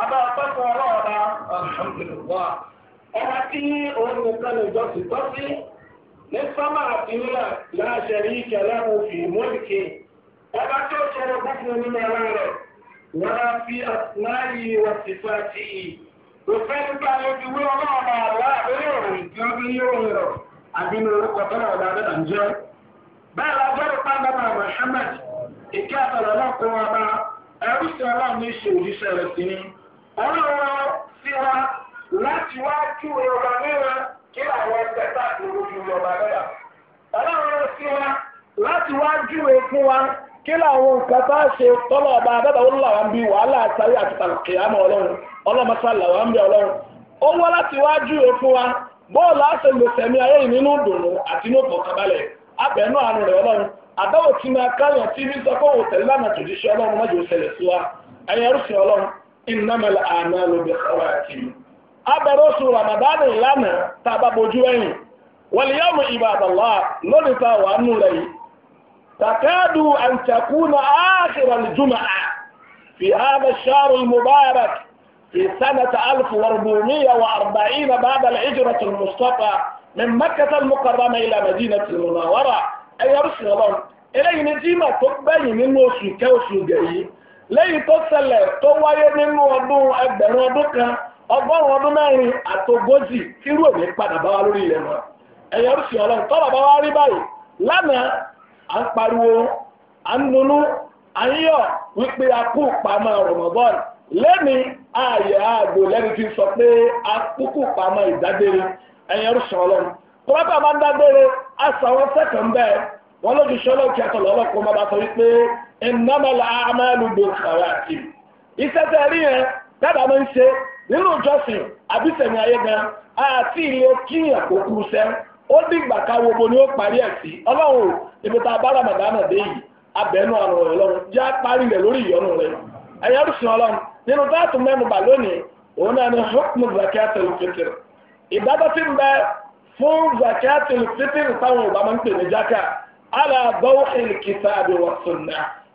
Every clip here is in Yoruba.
abá ọpẹ́kun ọlọ́ọ̀ba alhamdulillah ọba tí òun nìkan lè jọ sí tọ́sí ní sámà àti nílà láṣẹ rí kẹlẹ́ mo fi mọ́lìkì ọba tí ó ṣẹlẹ̀ gbọ́dọ̀ nínú ara rẹ̀ wọ́n á fi àtúnáyì wọ́n ti fẹ́ ti yìí òfin nípa lójú wí ọlọ́ọ̀ba àlá àbẹ́rẹ́ òrùn tí wọ́n fi yí òun rọ̀ àbí ní orúkọ tọ́lá ọ̀dà àdẹ́dà ń jẹ́ bẹ́ẹ̀ la gbọ́dọ̀ pàdé bá Muhammad ìkẹ́ àtàlọ́lọ́kùnrin ọba ẹrú sí ọlọ́run ní ìṣòwò olùwọ́ sí wa láti wá ju ọba mìíràn kí àwọn ẹgbẹ́ta ìròyìn ìjọba mẹ́ta. olùwọ́ sí wa láti wá jù wa kí làwọn nǹkan bá ṣe tọ́lọ̀ ọba abẹ́bẹ̀ wọn wa bí wàhálà àtàrí kìámọ̀ ọlọ́run ọlọ́mọṣá bí ọlọ́run ó láti ju wa bọ́ọ̀lù àṣẹ ayé yìí nínú dùnú àti inú ìfọ̀kànbalẹ̀ abẹ́nú àánú rẹ̀ ọlọ́run tí máa káyọ̀ tí bí إنما الأعمال ló أبا رسول رمضان لنا تابا Ramadan واليوم tá الله لنطا bojú تكاد أن تكون آخر الجمعة في هذا الشهر المبارك في سنة 1440 بعد الهجرة المصطفى من مكة المكرمة إلى مدينة المنورة أي رسول الله إلى نجيمة تبين من وسوكا وسوكاي lẹ́yìn tó ṣẹlẹ̀ tó wáyé nínú ọdún ẹgbẹ̀rún ọdún kan ọgọ́rùn-ún ọdún mẹ́rin àtogójì irú òní padà bá wa lórí ilẹ̀ wọn ẹ̀yọ́ ọlọ́run bá rí báyìí lánàá à ń pariwo à ń dunnú a kú pamọ́ rọ̀mọ́bọ́ọ̀lù lẹ́ni ààyè ààbò lẹ́ni sọ pé a kúkú pamọ́ ìdádére ẹ̀yọ́ sì ọlọ́run kọ́ńtà máa ń dádére àṣà wọn sẹ́kàn bẹ́ẹ̀ ìnámàlà àmàlù gbòòkàwà àti ìṣẹ́tẹ̀ rí yẹn dábàá máa ń ṣe nínú ìjọsìn àbísẹ̀mí ayé gan àti ilé kíyàn kò kú sẹ́ ó dìgbà káwo bo ni ó parí ẹ̀ sí ọlọ́run ibi tá a bá ramadan dé yìí abẹ́nú àrùn rẹ̀ lọ́run já parí rẹ̀ lórí ìyọnu rẹ̀ ẹ̀yẹ́ rúṣin ọlọ́run nínú táàtù mẹ́nu bà lónìí òun náà ni hukmu zakat al ìdájọ́ ti ń bẹ fún zakat al-fitr táwọn ìbámu ń pè ní jákà ala dawhi al-kitabi wa sunnah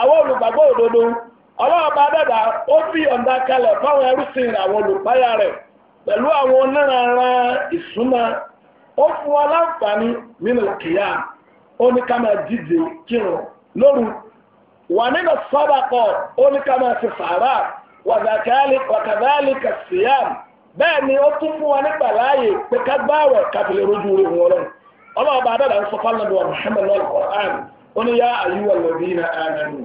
àwọn olùgbàgbọ́ òdodo ọlọ́run bá dàda ó fi ọ̀ǹda kalẹ̀ fáwọn ẹrúsìn àwọn olùpáyà rẹ̀ pẹ̀lú àwọn oníranran ìsúná ó fún wa láǹfààní nínú kìíyà ó ní ká máa díje kírun lóru wà nínú sọ́dàkọ̀ ó ní ká máa ṣe sàárà wàkàdáàlì bẹ́ẹ̀ ni ó tún fún wa nígbà láàyè pé ká gbáwẹ̀ káfílẹ̀ rojú rẹ̀ ó ní yá àyíwọ̀ lòdì ní ànánú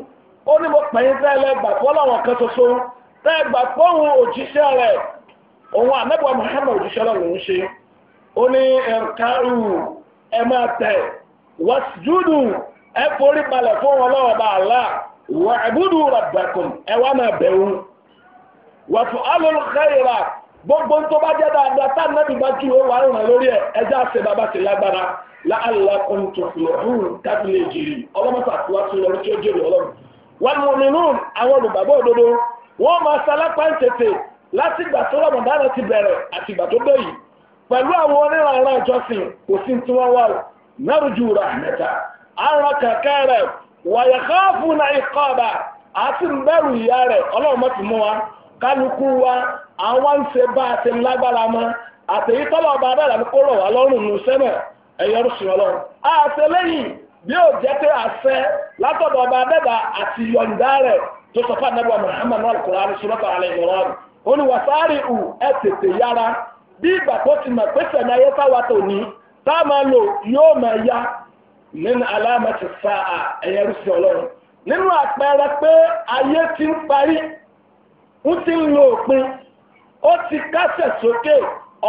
ó ní mo pẹ̀yìn tẹ́lẹ̀ gbà fọ́lọ́wọ̀n kan ṣoṣo tẹ́ gbà pọ́hùn òjíṣẹ́ rẹ̀ òun àmẹ́bọ̀ Muhammad òjíṣẹ́ rẹ̀ lòún ṣe ó ní ẹ̀ǹkárù ẹ máa tẹ̀ wàsíjúdù ẹ forí balẹ̀ fún wọn lọ́wọ́ bá àlá wa'budu rabbakum ẹ wá máa bẹ̀rù wàfọ̀ alul gbogbo tó bá jẹ́ dáadáa tá nàbí bá ju owó àrùn lórí ẹ̀ ẹjẹ́ àṣẹ bàbá ṣe lágbára láàlá kan tó filẹ̀ hùn kábílẹ̀ jìrì ọlọ́mọta tí tún tí ó jèrè wọn mú àwọn òdodo wọn máa salápá ń tètè láti ìgbà tó ti àti ìgbà tó ìjọsìn kò sí tí wà ra àrùn náà àwọn nse ń ṣe bá a ti lágbára mọ́ àtẹ̀yí tọ́lọ̀ ọba adára ní kó rọ̀ wá lọ́rùn nù sẹ́nà ẹ̀yọ́ sùn ọlọ́run àtẹlẹ́yìn bí ó jẹ́ pé àṣẹ látọ̀dọ̀ ọba adẹ́dà àti yọ̀ǹda rẹ̀ tó sọ fún anábọ̀ ó ní wàsáárì ẹ tètè yára bí ìgbà tó ti mọ̀ pé ayé táwa ní máa lò ó ti kásẹ̀ sókè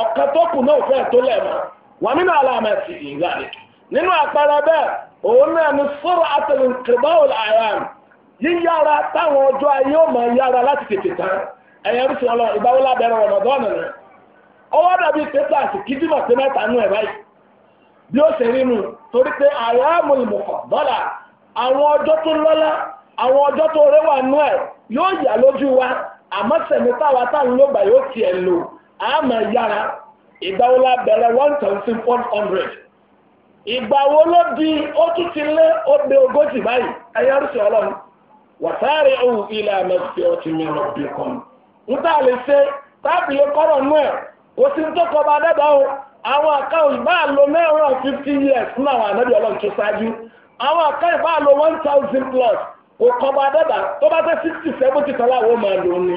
ọ̀kan tó kù náà fẹ́ tó lẹ̀ mọ́ wà nínú àlàmà ti ìgbàlè nínú àpẹẹrẹ bẹ́ẹ̀ òun náà ni sọ̀rọ̀ àtẹ̀lẹ̀ kìrìbáwòl àyàm yíyára táwọn ọjọ́ ayé ó máa yára láti tètè tán ẹ̀yẹ ń sọ̀rọ̀ lábẹ́rẹ́ ọwọ́ dàbí sí mẹ́ta ẹ̀ báyìí bí ó ṣe rí nu torí pé àyàmù ìmùkọ̀ àwọn ọjọ́ tó lọ́lá àwọn ọjọ́ wa àmọ́ sẹ̀mí táwa táwọn ló gbà yóò tiẹ̀ lò àmọ́ yára ìgbàwo bẹ̀rẹ̀ one thousand four hundred ìgbàwo di ó tún ti lé ogójì báyìí ọlọ́run ohun ilẹ̀ àmọ́sí ọtí mi rọ̀ bí kan ń tà lè ṣe tábìlì kọ́rọ̀ nú ẹ̀ kò sí tó kọ́ o fifty years fún àwọn ànábì ọlọ́run tó ṣáájú àwọn àkáwò ìbáà lo one thousand plus nǹkan bá dábàá tó bá tẹ́ sixty seventy kan láwọn máa lò ni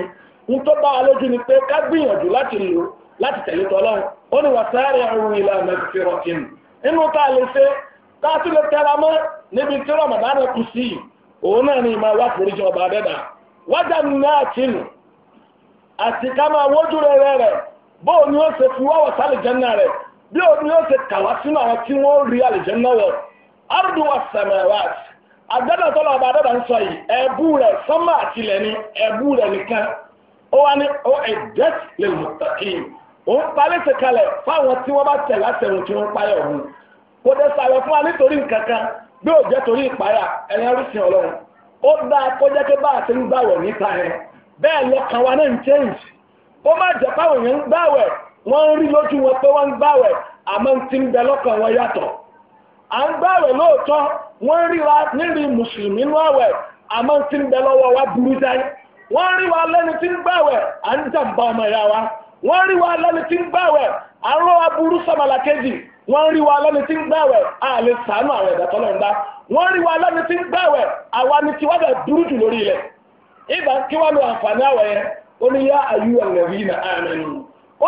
n tó bá wa ni pé ká gbìyànjú láti lò láti tẹ̀lé tọ́lọ́run ó ní wà sáré àrùn ìlànà ìfẹ́rọ̀ kìnnì nínú tá a lè ṣe tá a tún lè tẹ́ra mọ́ níbi tí kù sí òun náà ni ìmọ̀ wá ọba wájà náà àti ká máa wójú rẹ̀ ó ṣe fi àgbẹ́dà tọ́lọ̀ ọba àdọ́dà ń sọ yìí ẹ̀bú rẹ̀ sánmà àtìlẹ̀ ni ẹ̀bú rẹ̀ nìkan ó wá ní ó ẹ̀dẹ́t lè mọ̀ tàkì ó ń parí ti kalẹ̀ fáwọn tí wọ́n bá tẹ̀ látẹ̀wọ̀n tí wọ́n páyà ọ̀hún kò dé sàrẹ̀ fún wa nítorí nǹkan kan bí ò jẹ́ torí ìpáyà ẹ̀yìn ẹrúsìn ọlọ́run ó dáa kó jẹ́ pé bá a ti ń gbàwẹ̀ níta yẹn bẹ́ẹ̀ lọ́kàn wa náà ń change ó má jẹ́ páwọn èèyàn ń gbàwẹ̀ wọ́n ń rí lójú wọn pé wọ́n ń a ń gbààwẹ̀ lóòótọ́ wọ́n ríra níri mùsùlùmí nú àwẹ̀ àmọ́ tí ń bẹ lọ́wọ́ wa burú jáì wọ́n rí wa lẹ́ni tí ń gbààwẹ̀ à ń jàǹbá ọmọ ìyá wa wọ́n rí wa lẹ́ni tí ń gbààwẹ̀ à ń rọ́ wa burú sọ́mọlá kejì wa lẹ́ni tí ń à lè àwọn ẹ̀dá wa lẹ́ni tí ń àwa ni tiwa bẹ̀ burú jù lórí ilẹ̀ ìgbà kí wọ́n lo àǹfààní àwẹ̀ yẹn ó ní yá ẹ̀rẹ̀ na ó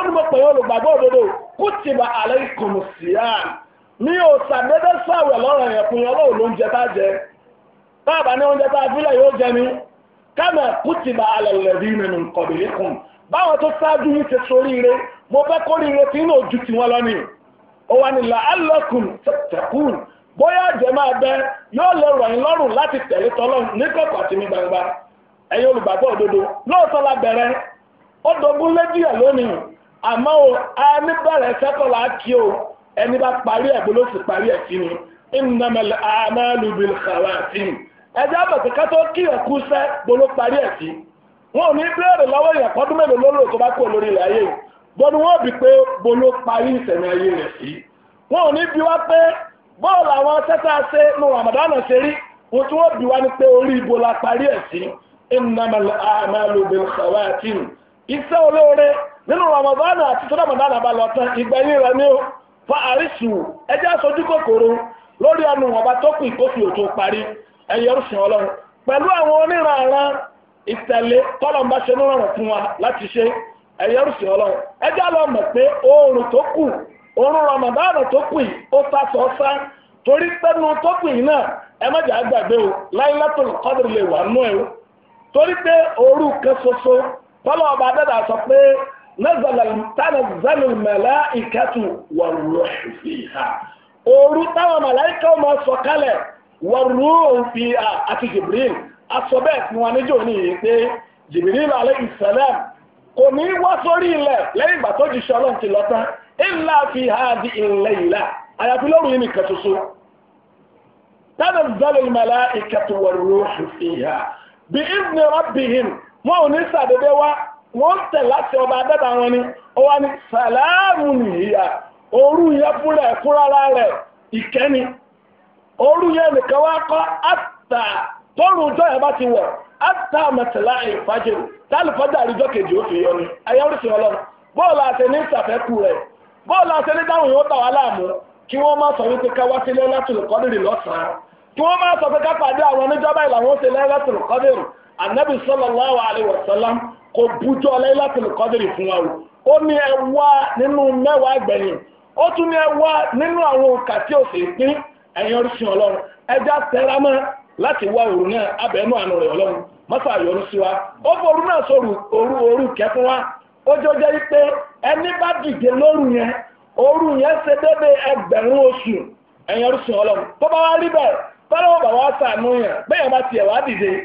ní ní òsàdédé sàwẹ̀ lọ́rọ̀ yẹn fún yẹn lọ́wọ́ ló ń je jẹ táàbà ní oúnjẹ tá a yóò jẹ ní kama kùtìbà alẹ́lẹ́bí nínú qablikum báwọn tó ṣáájú yìí mo fẹ́ kóríire tí inú ojú tiwọn lọ́nìí ó wà ní la'allakum tattaqun bóyá jẹ máa bẹ yóò rọ̀yìn lọ́rùn láti tẹ̀lé o la ẹni bá parí ẹ̀ bolo sì parí ẹ̀ sí ni innamal a'malu bil khawatim ẹjẹ́ àbẹ̀tẹ̀ ká tó kí ẹ̀ kú sẹ́ bolo parí ẹ̀ sí wọn ò ní bẹ́ẹ̀rẹ̀ lọ́wọ́ èèyàn kọ́dún mélòó lórí tó bá kú olórí ilẹ̀ ayé bọ́dún wọn bí pé bolo parí ìsẹ̀mí ayé rẹ̀ sí wọn ò ní bí wá pé bọ́ọ̀lù àwọn tẹ́tà ṣe nu ramadana ṣe rí wọn tí wọ́n bí wá ní pé orí ibo la parí ẹ̀ sí innamal a'malu bil khawatim iṣẹ́ olóore fa àrísù ẹjẹ́ aṣojú kòkòrò lórí ọ̀nà ọba tókùn ìkófì òtò parí ẹ̀yẹ ọlọ́run pẹ̀lú àwọn oníranran ìtẹ̀lé kọ́lọ̀mbá ṣe rọrùn fún wa láti ṣe ẹ̀yẹ ọlọ́run ẹjẹ́ lọ mọ̀ pé oòrùn tó kù sọ torí pẹ́nu tó kù yìí náà ẹ má jà gbàgbé o Lailatul Qadr lè wà nú ẹ torí pé ọba sọ pé tánàzálù màláìkàtù wà rúhù fìhà òru táwọn màláìkà ọmọ sọ̀kalẹ̀ wà rúhù fìhà àti Jibril aṣọ bẹ́ẹ̀ fún wa níjò ní yìí pé Jibril alayhi salam kò ní wá sórí ilẹ̀ lẹ́yìn ìgbà tó jíṣẹ́ ọlọ́run ti lọ tán illa fi hadhihi al-layla àyàfi lóru yìí nìkan ṣoṣo tánàzálù màláìkàtù wà rúhù fìhà bí ìdíni wọn ò ní sàdédé wá wọ́n tẹ̀ láti ọba adẹ́ta wọn ni ó ní sàlámù nìyà orú yẹn fúnra ẹ̀ fúnra rẹ̀ ìkẹ́ni orú yẹn nìkan wá kọ́ àtà tọ́rùn ọjọ́ yẹn bá ti wọ̀ àtà mẹtẹ̀lá ìfàjẹ́ kejì yọ ni ayé oríṣi ọlọ́run bọ́ọ̀lù àti ní ìsàfẹ́kù rẹ̀ bọ́ọ̀lù àti ní dáhùn yóò kò bújọ́ Laylatul Qadri fún wa o ó ní ẹ wá nínú mẹ́wàá gbẹ̀yìn ó tún ní ẹ wá nínú àwọn òǹkà tí ò sì pín ẹ̀yìn orísun ọlọ́run ẹja tẹra mọ́ láti wá òru náà abẹ́nú rẹ̀ ọlọ́run sí wa ó náà sóru òru òru kẹfún wa ó jọjọ́ yí pé ẹni bá dìde lóru yẹn òru yẹn ṣe ẹgbẹ̀rún oṣù ẹ̀yìn ọlọ́run tó bá wá rí bẹ́ẹ̀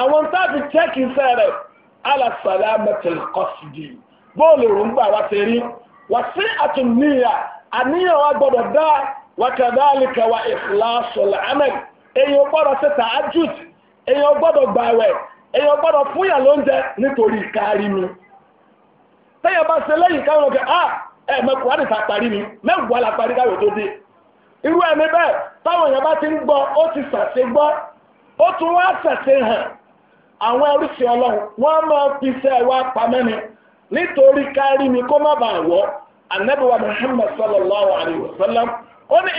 àwọn táàbì chẹ́kì iṣẹ́ rẹ̀ alàsàlẹ̀ amẹ́tẹ̀lẹ̀ kọ́sìdì bóòlù rúmbà wa ti rí wà sí àtúnníyà àníyàn wa dá wa ìfìlàsọ̀lẹ̀ amẹ́l èyàn gbọ́dọ̀ ṣe tààjùd èyàn gbọ́dọ̀ gbàwẹ̀ èyàn gbọ́dọ̀ fúnyà lóúnjẹ nítorí kárí mi tẹ́yà bá ṣe lẹ́yìn káwọn ọkẹ́ ah ẹ̀ mẹ́kùn mi la parí káwọn tó dé irú ẹni táwọn èèyàn bá ti ń ó ti ó tún wá àwọn oríṣi ọlọ́run wọ́n máa fi iṣẹ́ wa pamẹ́ni nítorí kárí ni kó má bàa wọ́ wa sallam ó ní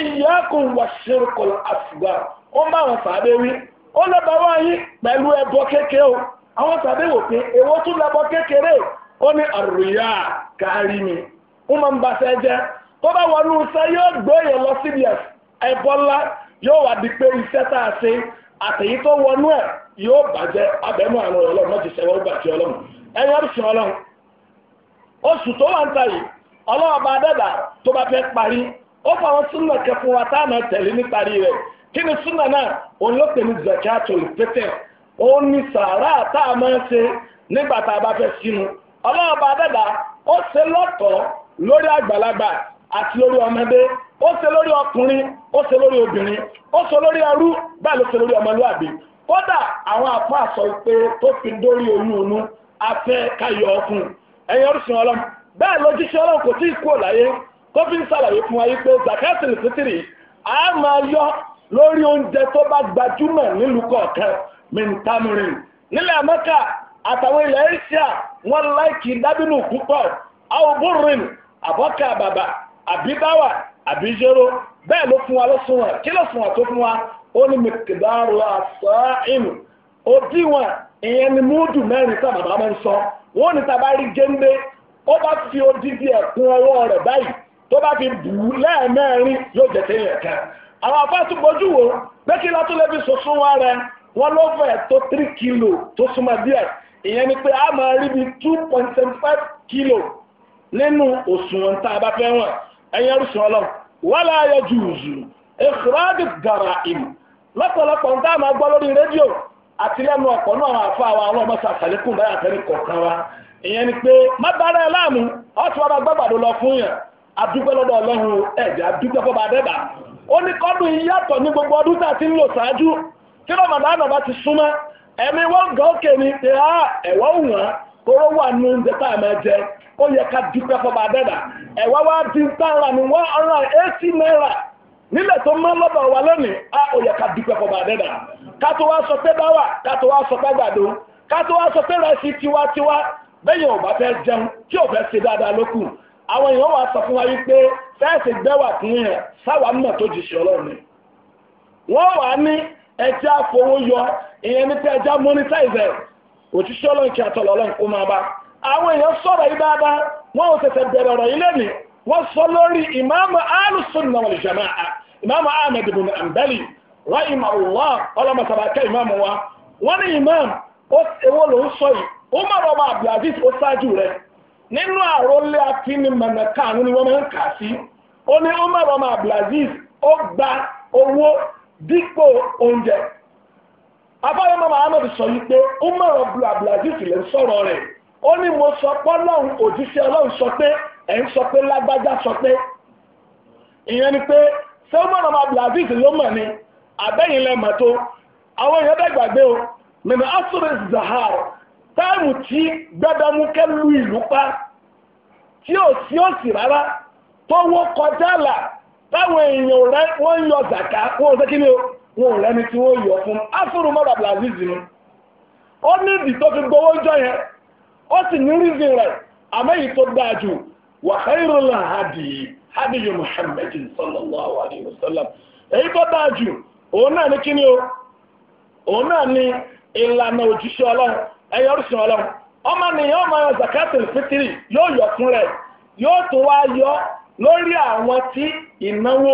shirkul asghar ó má wọn sàbẹ̀ wí ó lọ́ba wá yín pẹ̀lú ẹbọ kékeré o àwọn sàbẹ̀ wò pé èwo tún kékeré ó ní àrùyá kárí ni ó máa ń ba jẹ́ tó bá wọnú àtẹ̀yí tó wọnú ẹ̀ yóò bàjẹ́ abẹ́nú àrùn ọlọ́run mọ́jì sẹ́wọ́ ó ọlọ́run ẹ̀yìn ọ̀rùsùn ọlọ́run oṣù tó wà ń ta yìí ọlọ́run bá tó bá fẹ́ parí ó fọ wa táwọn tẹ̀lé rẹ̀ kí ni náà òun ló pè ní ni ṣe nígbà tá a bá fẹ́ sínú ọlọ́run bá àti lórí ọmọdé ó ṣe lórí ọkùnrin ó ṣe lórí obìnrin ó ṣe lórí ẹrú bẹ́ẹ̀ ló ṣe lórí ọmọlúwàbí kódà àwọn àpá àṣọ ìpè tó fi dórí oyún inú afẹ káyọ ọkùn ẹ̀yin orísun ọlọ́run bẹ́ẹ̀ lójúṣẹ́ ọlọ́run kò tí ì kúrò láyé tó fi ń ṣàlàyé fún wa yìí pé zakatiri fitiri a máa yọ lórí oúnjẹ tó bá gbajúmọ̀ nílùú kọ̀ọ̀kan mintamirin nílẹ̀ amẹ́ka àtàwọn ilẹ̀ Asia wọ́n láìkì dábìnú púpọ̀ àwọn búrin àbọ́kà bàbà àbí báwà àbí jéró bẹ́ẹ̀ ló fún wa ló sún wọn kí ló sún wọn tó fún wa ó ní mẹkẹdáró àṣà ìmù òdiwọ̀n ìyẹn ni múdù mẹ́rin tá bàbá máa ń sọ wọn ní tàbá rí géńdé ó bá fi odidi ẹ̀kún ọwọ́ rẹ̀ báyìí tó bá fi bù ú lẹ́ẹ̀mẹ́rin yóò jẹ tẹ́yìn ẹ̀ka àwọn afáàtú gbójú wo pé kí látó lè fi sọ̀sún wa rẹ wọn ló fẹ̀ tó three kilo tó súnmọ́ díẹ̀ ìyẹn ni pé a máa rí bi two point seven five kilo nínú òṣùwọ̀n tá a bá fẹ́ wọ̀n ẹ̀yin ẹrùsùn ọlọ́run wala yajuzu ikhraj garaim lọ́pọ̀lọpọ̀ nǹkan àmà gbọ́ lórí rédíò àti lẹ́nu ọ̀pọ̀ náà àwọn àfa àwọn àwọn ọmọ sàṣàlékún báyà tẹ́lẹ̀ kọ̀ọ̀kan wa ìyẹn ni pé má bára gbàgbàdo lọ fún fọba ó ní ní gbogbo ọdún a ti ń lò ṣáájú bá ti súnmọ́ ẹ̀mí ah, wọ́n ni ẹ̀wọ́ tóró wà nínú oúnjẹ tá a máa jẹ ó yẹ ká dúpẹ́ fọba dẹ́dà wá tààrà naira nílẹ̀ tó mọ́ lónìí a ó yẹ ká dúpẹ́ fọba dẹ́dà ká tó wá sọ pé báwà ká tó wá sọ pé gbàdo ká tó wá sọ pé rẹsì tiwantiwa bá fẹ́ jẹun tí ò fẹ́ ṣe dáadáa lókù àwọn èèyàn wà sọ fún wa wípé fẹ́ẹ̀sì gbẹ́wà fún yẹn sáwà mọ̀ tó òṣìṣẹ́ ọlọ́run kí àtọ̀lọ́ ọlọ́run kó máa bá àwọn èèyàn sọ̀rọ̀ yìí dáadáa wọn ò tẹ̀sẹ̀ bẹ̀rẹ̀ ọ̀rọ̀ yìí lẹ́nu wọ́n sọ lórí ìmáàmù jama'a ìmáàmù ahmed ibn ambali rahim allah ìmáàmù wa wọ́n ní ìmáàmù èwo ló ń sọ yìí ó má rọ̀ ọmọ abdulaziz ó ṣáájú rẹ̀ nínú àrólé akíní ni wọ́n máa abáyọmọ muhammed sọ wípé umar abdul abdulaziz lè ń sọ̀rọ̀ rẹ̀ ó ní mo sọ pé ọlọ́run òjíṣẹ́ ọlọ́run sọ pé ẹ̀ ń sọ pé lágbájá sọ pé ìyẹn ni pé ṣé umar abdulaziz ló mọ̀ ni àbẹ́yìn lẹ́mọ̀ tó àwọn èèyàn bẹ́ẹ̀ gbàgbé o mẹ́mẹ́ asúrẹ́ zahar táìmù tí gbẹ́dọ̀mùkẹ́ lu ìlú pa tí ò sí òsì rárá tó wó kọjá là táwọn èèyàn rẹ wọ́n ń yọ zàká wọ́n ń sẹ́kí ni o. wọn ò rẹ́ni tí wọ́n yọ fún afúrú mọ́ra blaziz ni ó ní ìdí tó fi gbowó jọ yẹn ó sì ní rízi rẹ̀ tó dáa jù wa khairul hadi hadi muhammadin sallallahu alayhi wa sallam èyí tó dáa jù òun náà ní kíni o òun náà ní ìlànà òjíṣẹ́ ọlọ́run ẹ̀yọ́ òṣìṣẹ́ ọlọ́run ọmọ zakatul fitiri yóò yọ fún yóò tún wá yọ lórí àwọn tí ìnáwó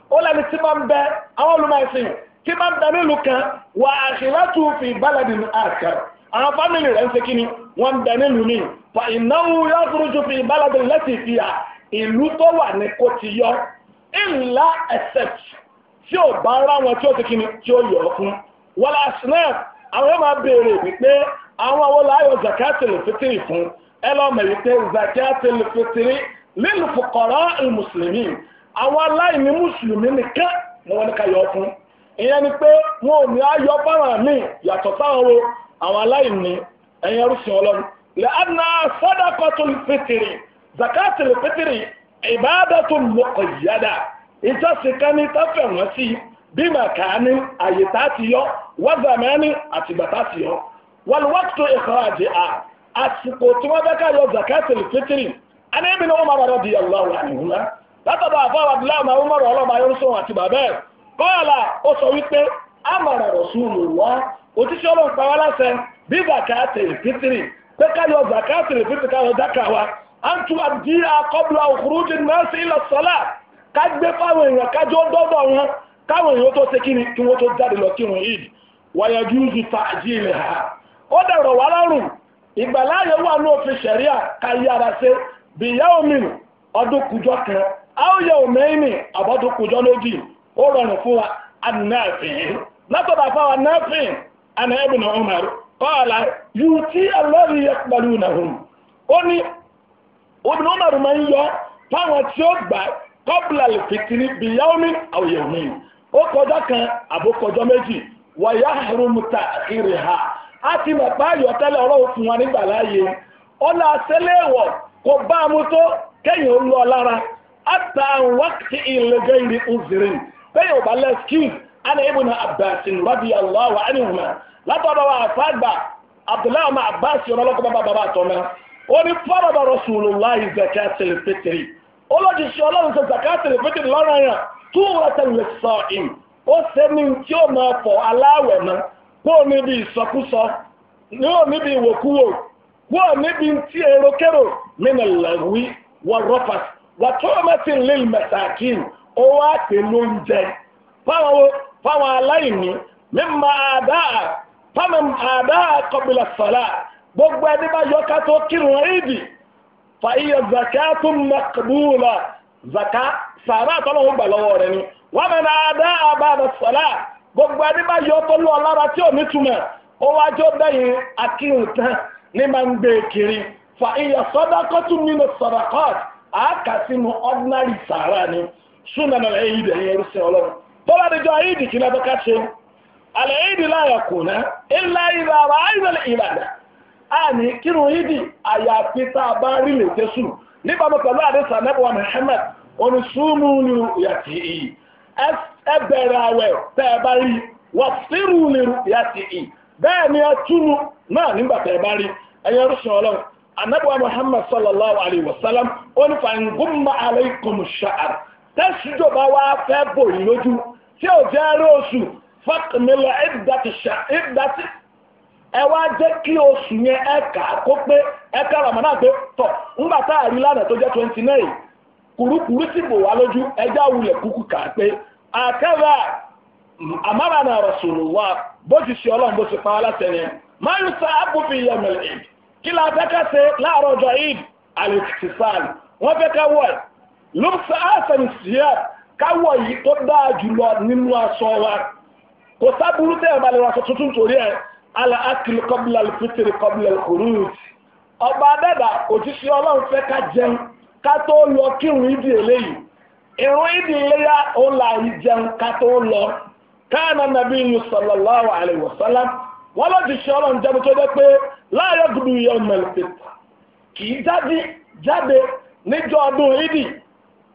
ó lẹ́ni tí máa ń bẹ àwọn olùmọ̀ẹ̀sìn tí máa ń bẹ nílùú kan wà àṣìlẹ́tù fi bálẹ̀dì ní àṣà àwọn fámìlì rẹ̀ ń ṣe kí ni wọ́n ń bẹ nílùú ní fa ìnáwó yóò dúró ju fi bálẹ̀dì lẹ́sìn fi hà ìlú tó wà ní kò ti yọ ìlà except tí ò bá rá wọn tí ó ti kí ni tí ó yọ ọ fún wọlé àṣìlẹ́ àwọn yóò máa béèrè wípé àwọn àwọn láyọ̀ zakatil fitiri fún ẹ lọ́ọ́ mẹ̀ zakatil fitiri lílù àwọn aláìní mùsùlùmí nìkan ni wọ́n ní ká yọ fún ìyẹn ni pé wọn ò ní ayọ̀ fáwọn míì yàtọ̀ sáwọn o àwọn aláìní ẹ̀yìn ẹrúsìn ọlọ́run lè adìnnà sadaqatul fitri zakatul fitri ibadatun muqayyada ìjọsìn kan ní tọ́fẹ̀ wọ́n sí bí màkà ní àyè tá ti yọ wọ́zàmẹ́ni àtìgbà tá ti yọ wọ́n bẹ́ látọ̀dọ̀ àfáwà abdullahi ma umaru ọlọ́ba yóò àti bàbá ẹ̀ kọ́ọ̀lá ó sọ wípé amara rasulullah òtíṣẹ́ ọlọ́run pa wá láṣẹ bí zakati fitiri pé fitiri dákà àbí akọ́bùlà ilẹ̀ sọ́lá ká fáwọn èèyàn wọn káwọn èèyàn tó ṣe kí ni id ní áwòyẹ òmẹ́ni àbọ́dúnkùjọ́ lójì ó rọrùn fún wa anáàfin látọ̀dà fáwọn anáàfin anáàbìnà Umar kọ́ọ̀lá yóò tí alọ́rí ó ní obìnrin máa ń yọ fáwọn tí ó gbà kọ́bùlà fìtìrì bí yaomi ó kan méjì ha a ti mọ̀ tẹ́lẹ̀ wa nígbà láàyè hatta taa nwakiti uzrin bẹ́ẹ̀ ò bá ana ibn abbas radiyallahu anhuma látọ̀dọ̀ wa àfàgbà abdullahi ọmọ abbas yọrọ lọ́kọ̀ bàbá bàbá àtọ́mọ ó ní farada rasulullahi zakatil fitri ó lọ́jọ́ sí ọlọ́run sọ zakatil fitri lọ́rọ̀ yẹn tó rọtẹ̀ lè sọ ìm ó o níbi ìsọkúsọ ní o níbi ìwòkúwò kó o ni bi èrò min al wàtọ́ọ̀mẹ́sìn lil masakin ó wá lóúnjẹ fáwọn aláìní mímọ àdáà fáwọn àdáà gbogbo ẹni bá yọ tó kírun zakatun maqbula zaka sàrà àtọ́lọ́hún gbà lọ́wọ́ ni wọ́n mẹ́rin àdáà bá a gbogbo ẹni bá yọ tó lọ lára tí ò ní túmọ̀ ó wá bẹ́yìn akírun ní máa ń gbé kiri nínú sọ̀rọ̀kọ́tù akasi sínú ordinary sàárà ni ọlọ́run tó bá dẹjọ́ kí ká ṣe ìlà àìsàn ìlànà kírun àyàfi tá a bá rí lè jésù níbàámu pẹ̀lú àdéṣà nẹ́bùwà Muhammad onísùnmù ni yàtì yìí ẹ bẹ̀rẹ̀ àwẹ̀ tẹ́ ẹ bá rí wà sírù ni yàtì yìí bẹ́ẹ̀ ni ẹ náà nígbà tẹ́ ẹ anabuwa muhammad sallallahu alaihi wa sallam ó ní fàǹgùnmá sha'ar tẹ́sídò bá wá fẹ́ bò lójú tí osu jẹ́ rí oṣù fàkìmílẹ̀ ẹ wá jẹ́ kí oṣù yẹn ẹ kà á kó pé ẹ ká ramadan pé tọ̀ ńgbà tá a rí lánàá tó jẹ́ twenty nine kùrùkùrù sì bò wá lójú ẹjá wulẹ̀ kúkú kà á pé àkẹ́rà àmàrànà rasulullah bó ti ṣe ọlọ́run bó ti pa á kí la fẹ́ ká ṣe láàárọ̀ ọjọ́ id alexisal wọ́n fẹ́ ká wọ̀ lumsa asan siyar ká wọ̀ yìí tó dáa jùlọ nínú aṣọ wa kò sábúrú tẹ́ ẹ̀ bá lè wọ aṣọ tuntun torí ẹ̀ ala akil kọ́bílà fitiri kọ́bílà kùrúùt ọba dẹ́dà òjíṣẹ́ ọlọ́run fẹ́ ká jẹun ká tó lọ kírun ìdí eléyìí ìrún ìdí iléyà ó la ìjẹun ká tó lọ káàna nàbí yusuf sallallahu alayhi wa wọ́n lọ́dún ṣe ọlọ́run jẹ́bi tó dé pé láàárọ̀ gbùdù yẹ mẹ̀lẹ́tẹ̀ kì í jáde jáde níjọ́ ọdún ìdì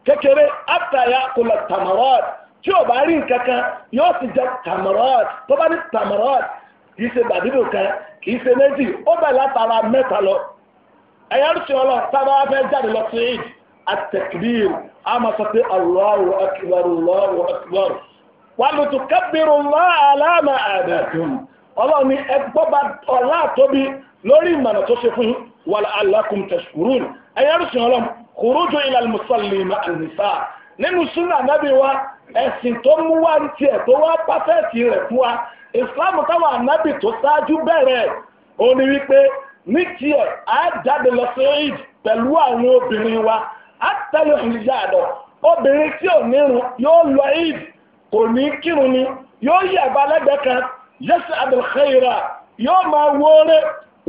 kékeré àtàyà kòlà tamarọ́ọ̀t tí ò bá rí nǹkan kan yóò sì jẹ tamarọ́ọ̀t tó bá ní tamarọ́ọ̀t kì í ṣe kan kì í ṣe méjì ó bẹ̀ látara mẹ́ta lọ ẹ̀yà ń ṣe ọlọ́run fẹ́ jáde lọ sí a máa ọlọ́run ní ẹgbọ́ bá ọlá tóbi lórí ìmọ̀nà tó ṣe fún wà alákùn tẹ̀sùkúrún ẹ̀yẹ́ rúṣin ọlọ́run khuruju ila al-musalli ma an-nisa nínú súnà ànábì wa ẹ̀sìn tó mú wá ní tiẹ̀ tó wá pàfẹ́ẹ̀tì rẹ̀ fún wa ìsìláàmù táwọn ànábì tó ṣáájú bẹ̀rẹ̀ ó ní wípé ní tiẹ̀ á jáde lọ sí ìd pẹ̀lú àwọn obìnrin wa á tẹ̀lé ìyá obìnrin tí ò nírun yóò lọ ìd kò ní kírun ni yóò yẹ̀ balẹ̀ bẹ́ẹ̀ kan yẹ́sẹ̀ àbẹ̀lẹ̀kẹ́yìrà yóò máa wóore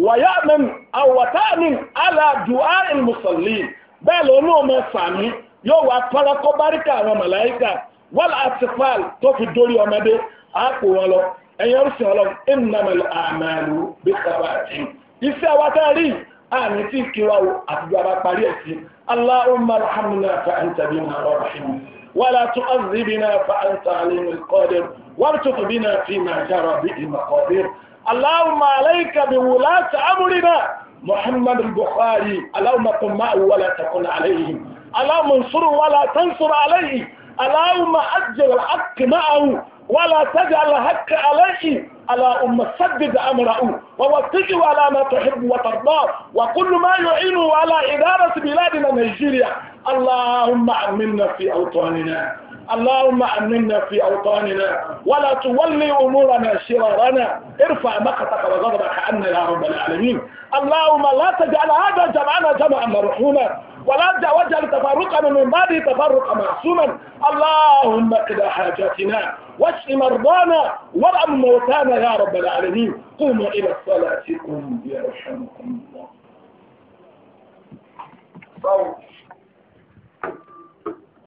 wàyà mẹ́m àwọ̀tá mi aláàdù àrùn mùsùlùmí bẹ́ẹ̀ ló ní ọmọ sàmì yóò wá tọ́lá kọ́ báríkà àwọn màláìkà wọ́n àtìpáàlì tó fi dórí ọmọdé àpò wọn lọ ẹ̀yìn ọ̀rùsìn ọlọ́run ìnàmẹ̀lẹ̀ àmàlù bí sábà jìn iṣẹ́ wa rí àmì tí kí àtijọ́ bá parí ẹ̀ sí Allahumma rahamna fa anta bina rahimun. ولا تؤذبنا فأنت عليم القادر وارتق بنا فيما جرى به المقادير اللهم عليك بولاة أمرنا محمد البخاري اللهم قم معه ولا تكن عليهم اللهم انصره ولا تنصر عليه اللهم أجل الحق معه ولا تجعل هك عليك على أم سدد أمره ووفقه على ما تحب وترضى وكل ما يعينه على إدارة بلادنا نيجيريا اللهم أمنا في أوطاننا اللهم أمنا في أوطاننا ولا تولي أمورنا شرارنا ارفع مقتك وغضبك عنا يا رب العالمين اللهم لا تجعل هذا جمعنا جمعا مرحوما ولا واجعل تفرقنا من بعد تفرق معصوما اللهم اقضى حاجاتنا واشف مرضانا وارحم موتانا يا رب العالمين قوموا الى صلاتكم يرحمكم الله